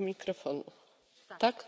mikrofonu tak?